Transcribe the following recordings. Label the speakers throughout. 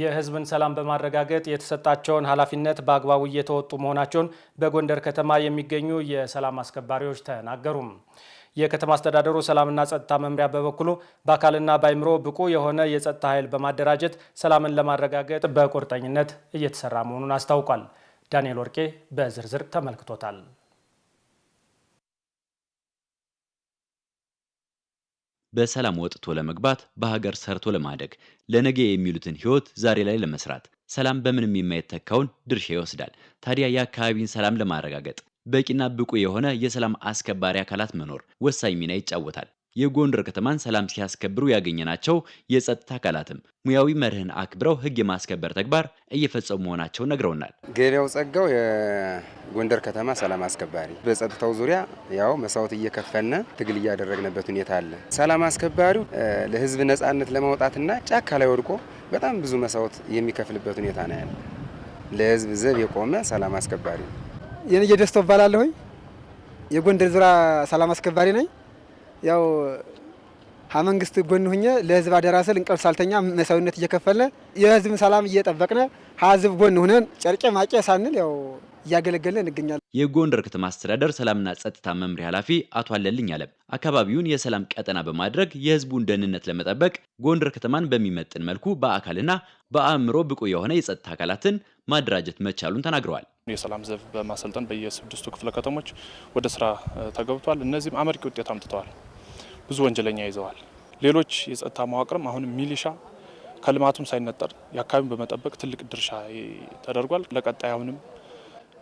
Speaker 1: የህዝብን ሰላም በማረጋገጥ የተሰጣቸውን ኃላፊነት በአግባቡ እየተወጡ መሆናቸውን በጎንደር ከተማ የሚገኙ የሰላም አስከባሪዎች ተናገሩ። የከተማ አስተዳደሩ ሰላምና ጸጥታ መምሪያ በበኩሉ በአካልና በአይምሮ ብቁ የሆነ የጸጥታ ኃይል በማደራጀት ሰላምን ለማረጋገጥ በቁርጠኝነት እየተሰራ መሆኑን አስታውቋል። ዳንኤል ወርቄ በዝርዝር ተመልክቶታል።
Speaker 2: በሰላም ወጥቶ ለመግባት በሀገር ሰርቶ ለማደግ ለነገ የሚሉትን ህይወት ዛሬ ላይ ለመስራት ሰላም በምንም የማይተካውን ድርሻ ይወስዳል። ታዲያ የአካባቢን ሰላም ለማረጋገጥ በቂና ብቁ የሆነ የሰላም አስከባሪ አካላት መኖር ወሳኝ ሚና ይጫወታል። የጎንደር ከተማን ሰላም ሲያስከብሩ ያገኘናቸው የጸጥታ አካላትም ሙያዊ መርህን አክብረው ህግ የማስከበር ተግባር እየፈጸሙ መሆናቸው ነግረውናል።
Speaker 3: ገበያው ጸጋው የጎንደር ከተማ ሰላም አስከባሪ፣ በጸጥታው ዙሪያ ያው መስዋዕት እየከፈነ ትግል እያደረግንበት ሁኔታ አለ። ሰላም አስከባሪው ለህዝብ ነጻነት ለማውጣትና ጫካ ላይ ወድቆ በጣም ብዙ መስዋዕት የሚከፍልበት ሁኔታ ነው ያለ። ለህዝብ ዘብ የቆመ ሰላም አስከባሪ
Speaker 4: የደስቶ እባላለሁኝ። የጎንደር ዙሪያ ሰላም አስከባሪ ነኝ። ያው መንግስት ጎን ሁኜ ለህዝብ አደራ ስል እንቅልፍ ሳልተኛ መሳዊነት እየከፈልን የህዝብን ሰላም እየጠበቅን ህዝብ ጎን ሁነን ጨርቄ ማቄ ሳንል ያው እያገለገለ እንገኛለን።
Speaker 2: የጎንደር ከተማ አስተዳደር ሰላምና ጸጥታ መምሪያ ኃላፊ አቶ አለልኝ አለም አካባቢውን የሰላም ቀጠና በማድረግ የህዝቡን ደህንነት ለመጠበቅ ጎንደር ከተማን በሚመጥን መልኩ በአካልና በአእምሮ ብቁ የሆነ የጸጥታ አካላትን ማደራጀት መቻሉን ተናግረዋል።
Speaker 5: የሰላም ዘብ በማሰልጠን በየስድስቱ ክፍለ ከተሞች ወደ ስራ ተገብቷል። እነዚህም አመርቂ ውጤት አምጥተዋል። ብዙ ወንጀለኛ ይዘዋል። ሌሎች የጸጥታ መዋቅርም አሁንም ሚሊሻ ከልማቱም ሳይነጠር የአካባቢውን በመጠበቅ ትልቅ ድርሻ ተደርጓል። ለቀጣይ አሁንም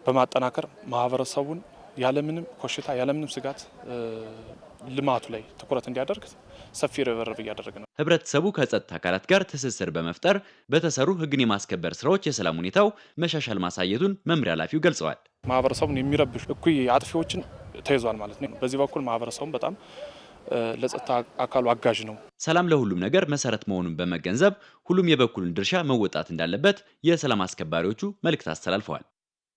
Speaker 5: በማጠናከር ማህበረሰቡን ያለምንም ኮሽታ ያለምንም ስጋት ልማቱ ላይ ትኩረት እንዲያደርግ ሰፊ ርብርብ እያደረገ ነው።
Speaker 2: ህብረተሰቡ ከጸጥታ አካላት ጋር ትስስር በመፍጠር በተሰሩ ህግን የማስከበር ስራዎች የሰላም ሁኔታው መሻሻል ማሳየቱን መምሪያ ኃላፊው ገልጸዋል።
Speaker 6: ማህበረሰቡን የሚረብሹ እኩይ አጥፊዎችን ተይዟል ማለት ነው። በዚህ በኩል ማህበረሰቡን በጣም ለጸጥታ አካሉ አጋዥ ነው።
Speaker 2: ሰላም ለሁሉም ነገር መሰረት መሆኑን በመገንዘብ ሁሉም የበኩሉን ድርሻ መወጣት እንዳለበት የሰላም አስከባሪዎቹ መልእክት አስተላልፈዋል።